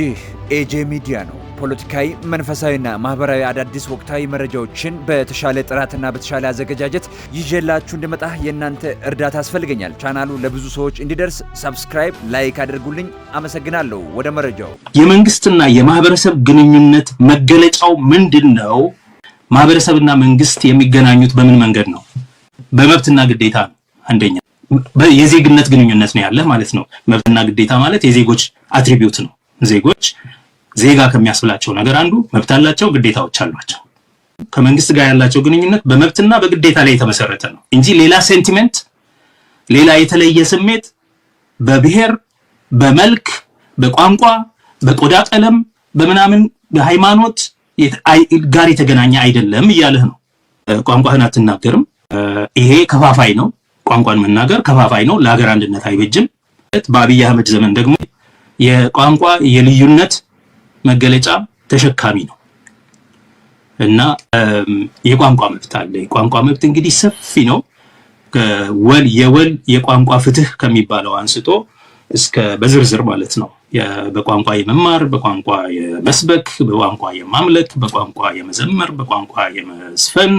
ይህ ኤጄ ሚዲያ ነው። ፖለቲካዊ፣ መንፈሳዊና ማህበራዊ አዳዲስ ወቅታዊ መረጃዎችን በተሻለ ጥራትና በተሻለ አዘገጃጀት ይዤላችሁ እንድመጣ የእናንተ እርዳታ ያስፈልገኛል። ቻናሉ ለብዙ ሰዎች እንዲደርስ ሰብስክራይብ፣ ላይክ አድርጉልኝ። አመሰግናለሁ። ወደ መረጃው። የመንግስትና የማህበረሰብ ግንኙነት መገለጫው ምንድን ነው? ማህበረሰብና መንግስት የሚገናኙት በምን መንገድ ነው? በመብትና ግዴታ አንደኛ የዜግነት ግንኙነት ነው ያለ ማለት ነው። መብትና ግዴታ ማለት የዜጎች አትሪቢዩት ነው። ዜጎች ዜጋ ከሚያስብላቸው ነገር አንዱ መብት አላቸው፣ ግዴታዎች አሏቸው። ከመንግስት ጋር ያላቸው ግንኙነት በመብትና በግዴታ ላይ የተመሰረተ ነው እንጂ ሌላ ሴንቲሜንት፣ ሌላ የተለየ ስሜት በብሔር፣ በመልክ፣ በቋንቋ፣ በቆዳ ቀለም፣ በምናምን በሃይማኖት ጋር የተገናኘ አይደለም እያለህ ነው። ቋንቋህን አትናገርም። ይሄ ከፋፋይ ነው። ቋንቋን መናገር ከፋፋይ ነው፣ ለሀገር አንድነት አይበጅም። በአብይ አህመድ ዘመን ደግሞ የቋንቋ የልዩነት መገለጫ ተሸካሚ ነው እና የቋንቋ መብት አለ። የቋንቋ መብት እንግዲህ ሰፊ ነው። ወል የወል የቋንቋ ፍትህ ከሚባለው አንስቶ እስከ በዝርዝር ማለት ነው። በቋንቋ የመማር፣ በቋንቋ የመስበክ፣ በቋንቋ የማምለክ፣ በቋንቋ የመዘመር፣ በቋንቋ የመስፈን፣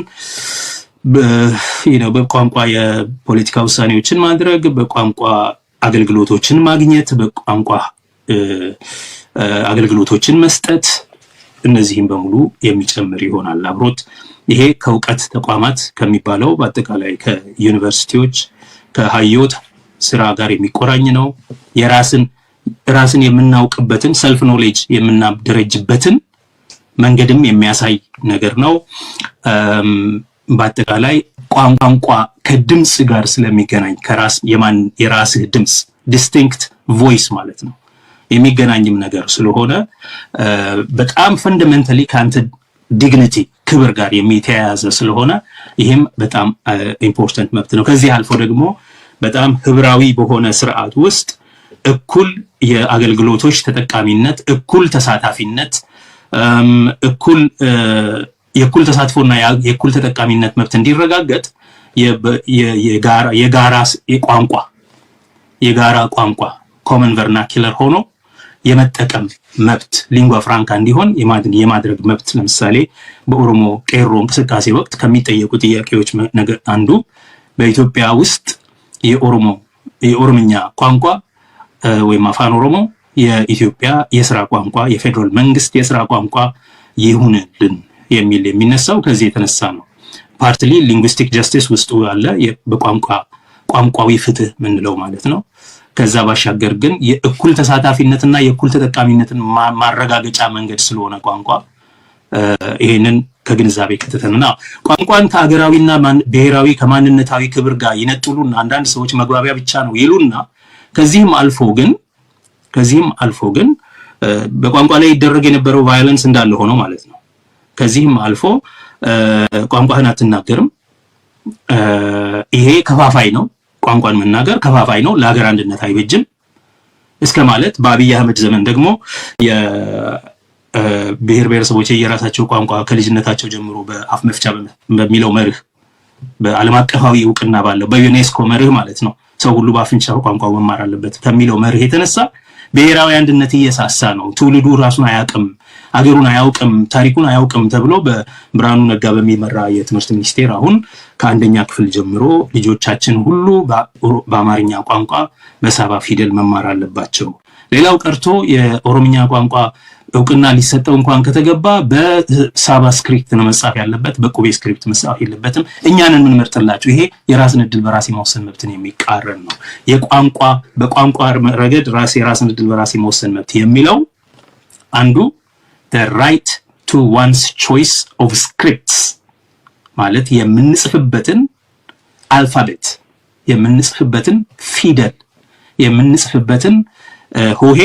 በቋንቋ የፖለቲካ ውሳኔዎችን ማድረግ፣ በቋንቋ አገልግሎቶችን ማግኘት፣ በቋንቋ አገልግሎቶችን መስጠት እነዚህም በሙሉ የሚጨምር ይሆናል አብሮት። ይሄ ከእውቀት ተቋማት ከሚባለው በአጠቃላይ ከዩኒቨርሲቲዎች ከሀዮት ስራ ጋር የሚቆራኝ ነው። የራስን ራስን የምናውቅበትን ሰልፍ ኖሌጅ የምናደረጅበትን መንገድም የሚያሳይ ነገር ነው። በአጠቃላይ ቋንቋ ከድምፅ ጋር ስለሚገናኝ የራስህ ድምፅ ዲስቲንክት ቮይስ ማለት ነው። የሚገናኝም ነገር ስለሆነ በጣም ፈንደመንታሊ ከአንተ ዲግኒቲ ክብር ጋር የሚተያያዘ ስለሆነ ይህም በጣም ኢምፖርተንት መብት ነው። ከዚህ አልፎ ደግሞ በጣም ህብራዊ በሆነ ስርዓት ውስጥ እኩል የአገልግሎቶች ተጠቃሚነት፣ እኩል ተሳታፊነት፣ እኩል የእኩል ተሳትፎና የእኩል ተጠቃሚነት መብት እንዲረጋገጥ የጋራ ቋንቋ የጋራ ቋንቋ ኮመን ቨርናኪለር ሆኖ የመጠቀም መብት ሊንጓ ፍራንካ እንዲሆን የማድረግ መብት ለምሳሌ በኦሮሞ ቄሮ እንቅስቃሴ ወቅት ከሚጠየቁ ጥያቄዎች ነገር አንዱ በኢትዮጵያ ውስጥ የኦሮሞ የኦሮምኛ ቋንቋ ወይም አፋን ኦሮሞ የኢትዮጵያ የስራ ቋንቋ የፌዴራል መንግስት የስራ ቋንቋ ይሁንልን የሚል የሚነሳው ከዚህ የተነሳ ነው። ፓርትሊ ሊንግዊስቲክ ጀስቲስ ውስጡ ያለ በቋንቋ ቋንቋዊ ፍትህ ምንለው ማለት ነው። ከዛ ባሻገር ግን የእኩል ተሳታፊነትና የእኩል ተጠቃሚነትን ማረጋገጫ መንገድ ስለሆነ ቋንቋ ይህንን ከግንዛቤ ከተተንና ቋንቋን ከአገራዊና ብሔራዊ ከማንነታዊ ክብር ጋር ይነጥሉና አንዳንድ ሰዎች መግባቢያ ብቻ ነው ይሉና ከዚህም አልፎ ግን ከዚህም አልፎ ግን በቋንቋ ላይ ይደረግ የነበረው ቫዮለንስ እንዳለ ሆኖ ማለት ነው። ከዚህም አልፎ ቋንቋህን አትናገርም፣ ይሄ ከፋፋይ ነው ቋንቋን መናገር ከፋፋይ ነው፣ ለሀገር አንድነት አይበጅም እስከ ማለት በአብይ አህመድ ዘመን ደግሞ የብሔር ብሔረሰቦች የራሳቸው ቋንቋ ከልጅነታቸው ጀምሮ በአፍ መፍቻ በሚለው መርህ በዓለም አቀፋዊ እውቅና ባለው በዩኔስኮ መርህ ማለት ነው ሰው ሁሉ በአፍንቻ ቋንቋው መማር አለበት ከሚለው መርህ የተነሳ ብሔራዊ አንድነት እየሳሳ ነው፣ ትውልዱ ራሱን አያውቅም፣ አገሩን አያውቅም፣ ታሪኩን አያውቅም ተብሎ በብርሃኑ ነጋ በሚመራ የትምህርት ሚኒስቴር አሁን ከአንደኛ ክፍል ጀምሮ ልጆቻችን ሁሉ በአማርኛ ቋንቋ በሳባ ፊደል መማር አለባቸው። ሌላው ቀርቶ የኦሮምኛ ቋንቋ እውቅና ሊሰጠው እንኳን ከተገባ በሳባ ስክሪፕት ነው መጻፍ ያለበት፣ በቁቤ ስክሪፕት መጻፍ የለበትም። እኛንን የምንመርጥላችሁ ይሄ የራስን እድል በራስ የመወሰን መብትን የሚቃረን ነው። የቋንቋ በቋንቋ ረገድ ራስ የራስን እድል በራስ የመወሰን መብት የሚለው አንዱ ራይት ቱ ዋንስ ቾይስ ኦፍ ስክሪፕትስ ማለት የምንጽፍበትን አልፋቤት የምንጽፍበትን ፊደል የምንጽፍበትን ሆሄ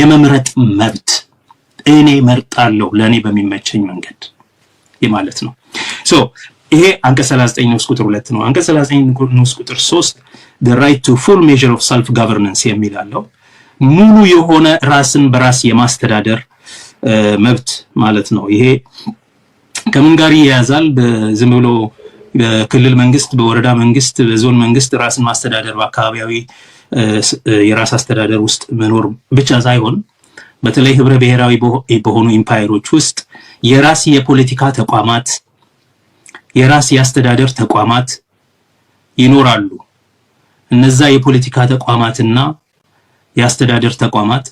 የመምረጥ መብት እኔ መርጣለሁ ለእኔ በሚመቸኝ መንገድ ማለት ነው። ሶ ይሄ አንቀጽ 39 ንዑስ ቁጥር 2 ነው። አንቀጽ 39 ንዑስ ቁጥር the right ቱ ፉል measure ኦፍ self governance የሚላለው ሙሉ የሆነ ራስን በራስ የማስተዳደር መብት ማለት ነው። ይሄ ከምን ጋር ይያያዛል? ዝም ብሎ በክልል መንግስት፣ በወረዳ መንግስት፣ በዞን መንግስት ራስን ማስተዳደር በአካባቢያዊ የራስ አስተዳደር ውስጥ መኖር ብቻ ሳይሆን በተለይ ህብረ ብሔራዊ በሆኑ ኢምፓየሮች ውስጥ የራስ የፖለቲካ ተቋማት፣ የራስ የአስተዳደር ተቋማት ይኖራሉ። እነዛ የፖለቲካ ተቋማትና የአስተዳደር ተቋማት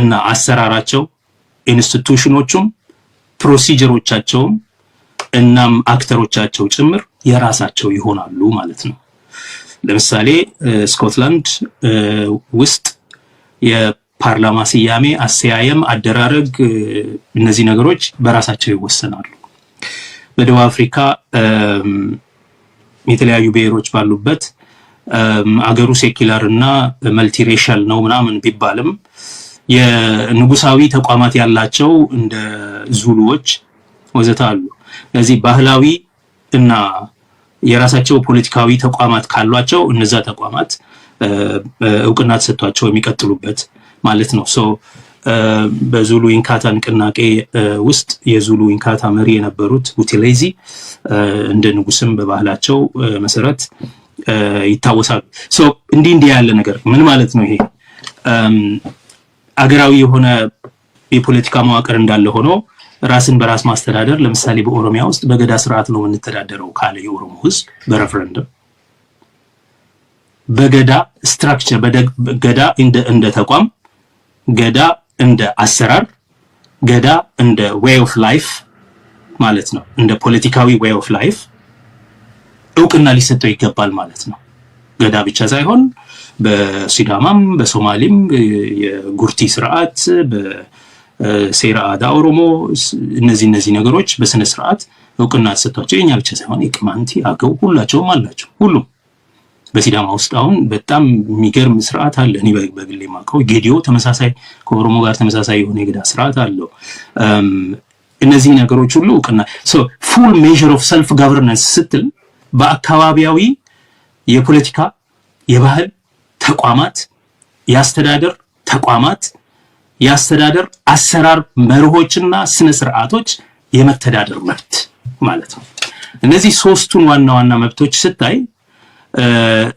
እና አሰራራቸው ኢንስቲቱሽኖቹም ፕሮሲጀሮቻቸውም እናም አክተሮቻቸው ጭምር የራሳቸው ይሆናሉ ማለት ነው። ለምሳሌ ስኮትላንድ ውስጥ የፓርላማ ስያሜ፣ አሰያየም፣ አደራረግ እነዚህ ነገሮች በራሳቸው ይወሰናሉ። በደቡብ አፍሪካ የተለያዩ ብሔሮች ባሉበት አገሩ ሴኪላር እና መልቲሬሻል ነው ምናምን ቢባልም የንጉሳዊ ተቋማት ያላቸው እንደ ዙሉዎች ወዘተ አሉ። ስለዚህ ባህላዊ እና የራሳቸው ፖለቲካዊ ተቋማት ካሏቸው እነዛ ተቋማት እውቅና ተሰጥቷቸው የሚቀጥሉበት ማለት ነው። በዙሉ ኢንካታ ንቅናቄ ውስጥ የዙሉ ኢንካታ መሪ የነበሩት ቡቲሌዚ እንደ ንጉስም በባህላቸው መሰረት ይታወሳሉ። እንዲህ እንዲህ ያለ ነገር ምን ማለት ነው ይሄ አገራዊ የሆነ የፖለቲካ መዋቅር እንዳለ ሆኖ ራስን በራስ ማስተዳደር ለምሳሌ በኦሮሚያ ውስጥ በገዳ ስርዓት ነው የምንተዳደረው ካለ የኦሮሞ ህዝብ በሬፈረንደም በገዳ ስትራክቸር በገዳ እንደ ተቋም ገዳ እንደ አሰራር ገዳ እንደ ዌይ ኦፍ ላይፍ ማለት ነው። እንደ ፖለቲካዊ ዌይ ኦፍ ላይፍ እውቅና ሊሰጠው ይገባል ማለት ነው። ገዳ ብቻ ሳይሆን በሲዳማም በሶማሌም የጉርቲ ስርዓት በሴራ አዳ ኦሮሞ እነዚህ እነዚህ ነገሮች በስነ ስርዓት እውቅና ተሰጥቷቸው የኛ ብቻ ሳይሆን የቅማንቲ አገው ሁላቸውም አላቸው። ሁሉም በሲዳማ ውስጥ አሁን በጣም የሚገርም ስርዓት አለ። እኔ በግሌ የማውቀው ጌዲዮ ተመሳሳይ ከኦሮሞ ጋር ተመሳሳይ የሆነ የግዳ ስርዓት አለው። እነዚህ ነገሮች ሁሉ እውቅና ፉል ሜዥር ኦፍ ሰልፍ ጋቨርነንስ ስትል በአካባቢያዊ የፖለቲካ የባህል ተቋማት፣ የአስተዳደር ተቋማት፣ የአስተዳደር አሰራር መርሆችና ስነ ስርዓቶች፣ የመተዳደር መብት ማለት ነው። እነዚህ ሶስቱን ዋና ዋና መብቶች ስታይ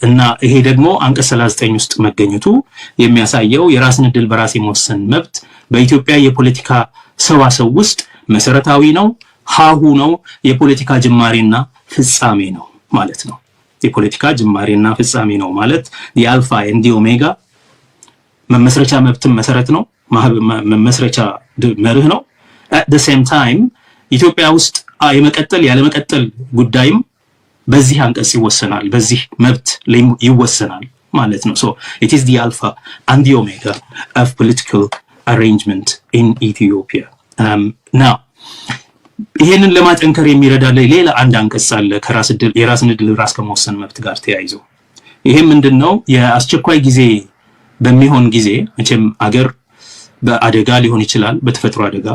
እና ይሄ ደግሞ አንቀጽ 39 ውስጥ መገኘቱ የሚያሳየው የራስን ዕድል በራስ የመወሰን መብት በኢትዮጵያ የፖለቲካ ሰዋሰው ውስጥ መሰረታዊ ነው፣ ሀሁ ነው፣ የፖለቲካ ጅማሬና ፍጻሜ ነው ማለት ነው። የፖለቲካ ጅማሬና ፍጻሜ ነው ማለት የአልፋ ኤንድ ኦሜጋ መመስረቻ መብትን መሰረት ነው፣ መመስረቻ መርህ ነው። አት ሴም ታይም ኢትዮጵያ ውስጥ የመቀጠል ያለመቀጠል ጉዳይም በዚህ አንቀጽ ይወሰናል፣ በዚህ መብት ይወሰናል ማለት ነው። ሶ ኢት ኢዝ ዲ አልፋ አንድ ኦሜጋ ኦፍ ፖለቲካል አሬንጅመንት ኢን ኢትዮጵያ ናው ይሄንን ለማጠንከር የሚረዳ ሌላ አንድ አንቀጽ አለ ከራስ ዕድል የራስን ዕድል ራስ ከመወሰን መብት ጋር ተያይዞ ይሄ ምንድን ነው? የአስቸኳይ ጊዜ በሚሆን ጊዜ መቼም አገር በአደጋ ሊሆን ይችላል፣ በተፈጥሮ አደጋ፣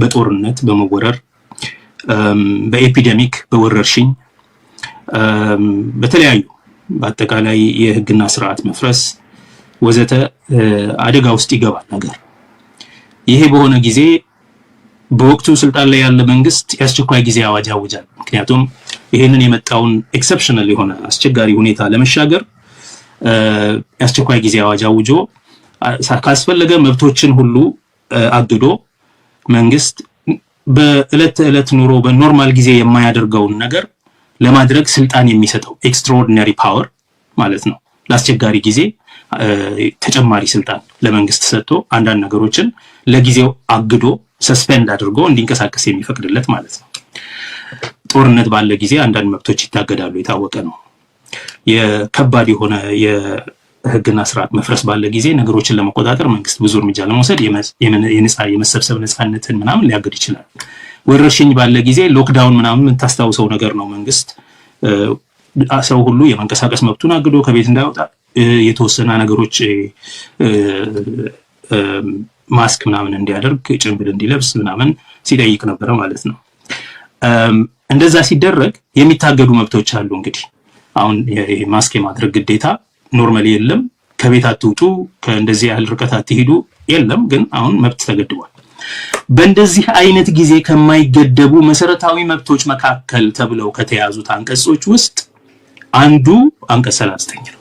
በጦርነት፣ በመወረር፣ በኤፒደሚክ፣ በወረርሽኝ፣ በተለያዩ በአጠቃላይ የህግና ስርዓት መፍረስ ወዘተ አደጋ ውስጥ ይገባል ነገር ይሄ በሆነ ጊዜ በወቅቱ ስልጣን ላይ ያለ መንግስት የአስቸኳይ ጊዜ አዋጅ አውጃል። ምክንያቱም ይህንን የመጣውን ኤክሰፕሽናል የሆነ አስቸጋሪ ሁኔታ ለመሻገር የአስቸኳይ ጊዜ አዋጅ አውጆ ካስፈለገ መብቶችን ሁሉ አግዶ መንግስት በእለት ተዕለት ኑሮ በኖርማል ጊዜ የማያደርገውን ነገር ለማድረግ ስልጣን የሚሰጠው ኤክስትራኦርዲናሪ ፓወር ማለት ነው። ለአስቸጋሪ ጊዜ ተጨማሪ ስልጣን ለመንግስት ሰጥቶ አንዳንድ ነገሮችን ለጊዜው አግዶ ሰስፔንድ አድርጎ እንዲንቀሳቀስ የሚፈቅድለት ማለት ነው። ጦርነት ባለ ጊዜ አንዳንድ መብቶች ይታገዳሉ፣ የታወቀ ነው። የከባድ የሆነ የህግና ስርዓት መፍረስ ባለ ጊዜ ነገሮችን ለመቆጣጠር መንግስት ብዙ እርምጃ ለመውሰድ የመሰብሰብ ነፃነትን ምናምን ሊያገድ ይችላል። ወረርሽኝ ባለ ጊዜ ሎክዳውን ምናምን የምታስታውሰው ነገር ነው። መንግስት ሰው ሁሉ የመንቀሳቀስ መብቱን አግዶ ከቤት እንዳይወጣ የተወሰነ ነገሮች ማስክ ምናምን እንዲያደርግ ጭንብል እንዲለብስ ምናምን ሲጠይቅ ነበረ ማለት ነው። እንደዛ ሲደረግ የሚታገዱ መብቶች አሉ። እንግዲህ አሁን ማስክ የማድረግ ግዴታ ኖርማሊ የለም፣ ከቤት አትውጡ፣ ከእንደዚህ ያህል ርቀት አትሄዱ የለም። ግን አሁን መብት ተገድቧል። በእንደዚህ አይነት ጊዜ ከማይገደቡ መሰረታዊ መብቶች መካከል ተብለው ከተያዙት አንቀጾች ውስጥ አንዱ አንቀጽ 39 ነው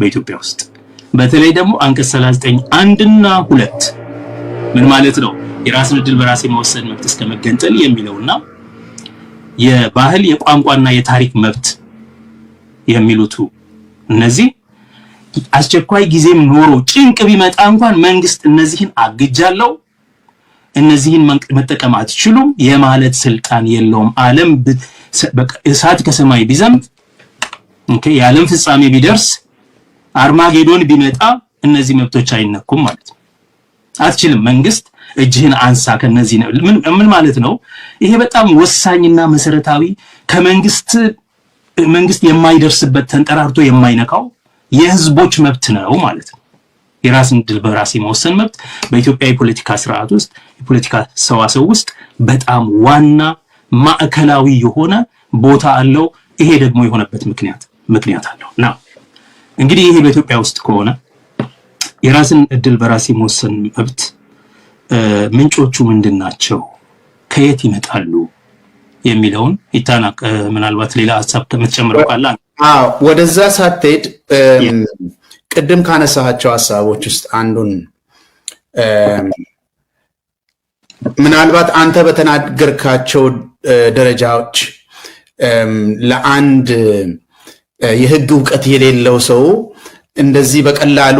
በኢትዮጵያ ውስጥ በተለይ ደግሞ አንቀጽ 39 አንድና ሁለት ምን ማለት ነው? የራስን እድል በራስ የመወሰን መብት እስከ መገንጠል የሚለውና የባህል የቋንቋና የታሪክ መብት የሚሉቱ እነዚህ አስቸኳይ ጊዜም ኖሮ ጭንቅ ቢመጣ እንኳን መንግስት እነዚህን አግጃለው እነዚህን መጠቀም አትችሉም የማለት ስልጣን የለውም። ዓለም እሳት ከሰማይ ቢዘንብ፣ የዓለም ፍጻሜ ቢደርስ፣ አርማጌዶን ቢመጣ እነዚህ መብቶች አይነኩም ማለት ነው። አትችልም። መንግስት እጅህን አንሳ ከነዚህ ምን ማለት ነው? ይሄ በጣም ወሳኝና መሰረታዊ ከመንግስት መንግስት የማይደርስበት ተንጠራርቶ የማይነካው የህዝቦች መብት ነው ማለት ነው። የራስን ድል በራስ የመወሰን መብት በኢትዮጵያ የፖለቲካ ስርዓት ውስጥ የፖለቲካ ሰዋሰው ውስጥ በጣም ዋና ማዕከላዊ የሆነ ቦታ አለው። ይሄ ደግሞ የሆነበት ምክንያት ምክንያት አለው እና እንግዲህ ይሄ በኢትዮጵያ ውስጥ ከሆነ የራስን እድል በራስ የመወሰን መብት ምንጮቹ ምንድን ናቸው? ከየት ይመጣሉ? የሚለውን ይታና ምናልባት ሌላ ሀሳብ ከምትጨምረው ካለ ወደዛ ሳትሄድ ቅድም ካነሳቸው ሀሳቦች ውስጥ አንዱን ምናልባት አንተ በተናገርካቸው ደረጃዎች ለአንድ የህግ እውቀት የሌለው ሰው እንደዚህ በቀላሉ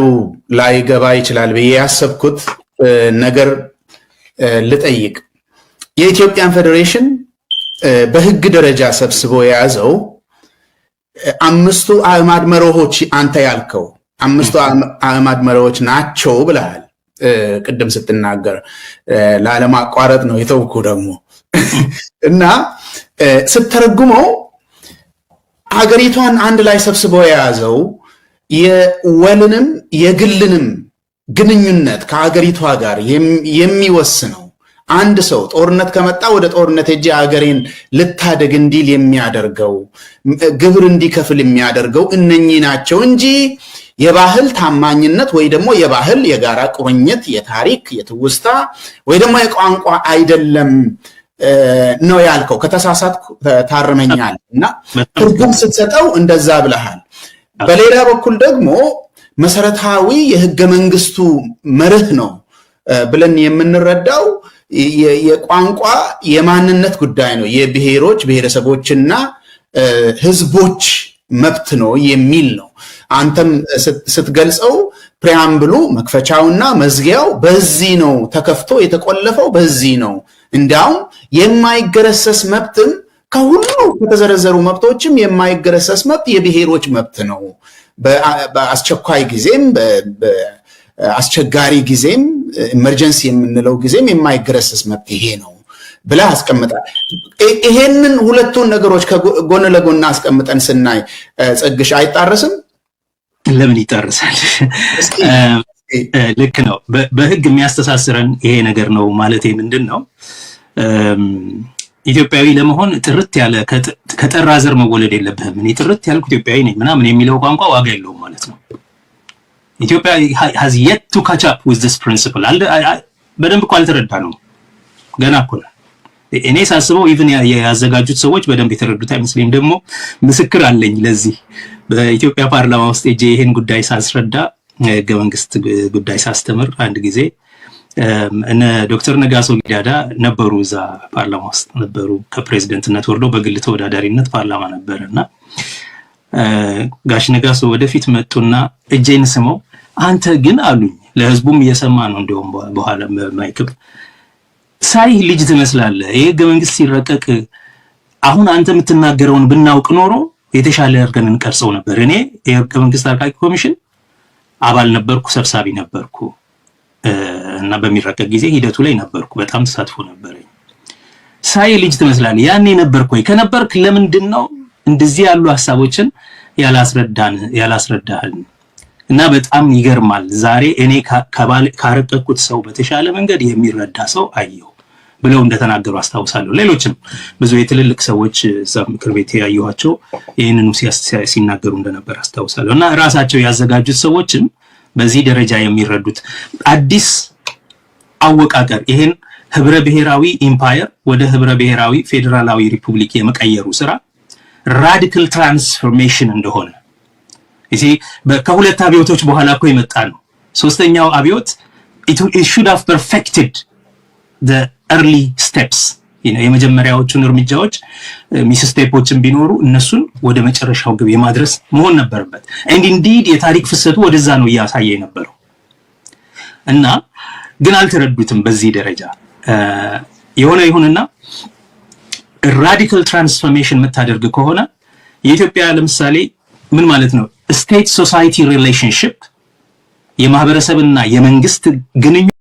ላይገባ ይችላል ብዬ ያሰብኩት ነገር ልጠይቅ። የኢትዮጵያን ፌዴሬሽን በህግ ደረጃ ሰብስቦ የያዘው አምስቱ አእማድ መርሆች አንተ ያልከው አምስቱ አእማድ መርሆች ናቸው ብለሃል ቅድም ስትናገር ላለማቋረጥ ነው የተውኩ ደግሞ እና ስትተረጉመው ሀገሪቷን አንድ ላይ ሰብስቦ የያዘው የወልንም የግልንም ግንኙነት ከሀገሪቷ ጋር የሚወስነው አንድ ሰው ጦርነት ከመጣ ወደ ጦርነት እጅ ሀገሬን ልታደግ እንዲል የሚያደርገው ግብር እንዲከፍል የሚያደርገው እነኚህ ናቸው እንጂ የባህል ታማኝነት ወይ ደግሞ የባህል የጋራ ቁርኝት የታሪክ የትውስታ ወይ ደግሞ የቋንቋ አይደለም ነው ያልከው። ከተሳሳት ታርመኛል እና ትርጉም ስትሰጠው እንደዛ ብለሃል። በሌላ በኩል ደግሞ መሰረታዊ የህገ መንግስቱ መርህ ነው ብለን የምንረዳው የቋንቋ የማንነት ጉዳይ ነው፣ የብሔሮች ብሔረሰቦችና ህዝቦች መብት ነው የሚል ነው። አንተም ስትገልጸው ፕሪያምብሉ መክፈቻውና መዝጊያው በዚህ ነው ተከፍቶ የተቆለፈው በዚህ ነው። እንዲያውም የማይገረሰስ መብትም ከሁሉ ከተዘረዘሩ መብቶችም የማይገረሰስ መብት የብሔሮች መብት ነው። በአስቸኳይ ጊዜም በአስቸጋሪ ጊዜም ኢመርጀንሲ የምንለው ጊዜም የማይገረሰስ መብት ይሄ ነው ብላ አስቀምጣል። ይሄንን ሁለቱን ነገሮች ጎን ለጎን አስቀምጠን ስናይ ጽግሽ አይጣረስም? ለምን ይጣረሳል? ልክ ነው። በህግ የሚያስተሳስረን ይሄ ነገር ነው ማለት ምንድን ነው? ኢትዮጵያዊ ለመሆን ጥርት ያለ ከጠራ ዘር መወለድ የለብህም። እኔ ጥርት ያልኩ ኢትዮጵያዊ ነኝ ምናምን የሚለው ቋንቋ ዋጋ የለውም ማለት ነው። ኢትዮጵያ ሀዝ የት ቱ ካች አፕ ዊዝ ዲስ ፕሪንስፕል። በደንብ እኮ አልተረዳ ነው ገና እኮ እኔ ሳስበው ኢቭን ያዘጋጁት ሰዎች በደንብ የተረዱት አይመስለኝም። ደግሞ ምስክር አለኝ ለዚህ በኢትዮጵያ ፓርላማ ውስጥ እጄ ይሄን ጉዳይ ሳስረዳ ህገ መንግስት ጉዳይ ሳስተምር አንድ ጊዜ እነ ዶክተር ነጋሶ ጊዳዳ ነበሩ፣ እዛ ፓርላማ ውስጥ ነበሩ። ከፕሬዚደንትነት ወርዶ በግል ተወዳዳሪነት ፓርላማ ነበር እና ጋሽ ነጋሶ ወደፊት መጡና እጄን ስመው አንተ ግን አሉኝ። ለህዝቡም እየሰማ ነው። እንዲሁም በኋላ ማይክብ ሳይህ ልጅ ትመስላለህ። ይህ ህገ መንግስት ሲረቀቅ አሁን አንተ የምትናገረውን ብናውቅ ኖሮ የተሻለ አድርገን እንቀርጸው ነበር። እኔ የህገ መንግስት አርቃቂ ኮሚሽን አባል ነበርኩ፣ ሰብሳቢ ነበርኩ። እና በሚረቀቅ ጊዜ ሂደቱ ላይ ነበርኩ። በጣም ተሳትፎ ነበረኝ። ሳይ ልጅ ትመስላለህ። ያኔ ነበርክ ወይ? ከነበርክ ለምንድን ነው እንደዚህ ያሉ ሀሳቦችን ያላስረዳን ያላስረዳህን? እና በጣም ይገርማል። ዛሬ እኔ ካረቀቅኩት ሰው በተሻለ መንገድ የሚረዳ ሰው አየሁ ብለው እንደተናገሩ አስታውሳለሁ። ሌሎችም ብዙ የትልልቅ ሰዎች እዛ ምክር ቤት ያየኋቸው ይህንኑ ሲናገሩ እንደነበር አስታውሳለሁ። እና ራሳቸው ያዘጋጁት ሰዎችም በዚህ ደረጃ የሚረዱት አዲስ አወቃቀር ይሄን ህብረ ብሔራዊ ኢምፓየር ወደ ህብረ ብሔራዊ ፌዴራላዊ ሪፑብሊክ የመቀየሩ ስራ ራዲካል ትራንስፎርሜሽን እንደሆነ እዚ ከሁለት አብዮቶች በኋላ እኮ የመጣ ነው። ሶስተኛው አብዮት ኢት ሹድ ሃቭ ፐርፌክትድ ዘ ኤርሊ ስቴፕስ የመጀመሪያዎቹን እርምጃዎች ሚስስቴፖችን ቢኖሩ እነሱን ወደ መጨረሻው ግብ የማድረስ መሆን ነበረበት። ኤንድ ኢንዲድ የታሪክ ፍሰቱ ወደዛ ነው እያሳየ የነበረው እና ግን አልተረዱትም። በዚህ ደረጃ የሆነ ይሁንና ራዲካል ትራንስፎርሜሽን የምታደርግ ከሆነ የኢትዮጵያ ለምሳሌ ምን ማለት ነው ስቴት ሶሳይቲ ሪሌሽንሽፕ የማህበረሰብና የመንግስት ግንኙነት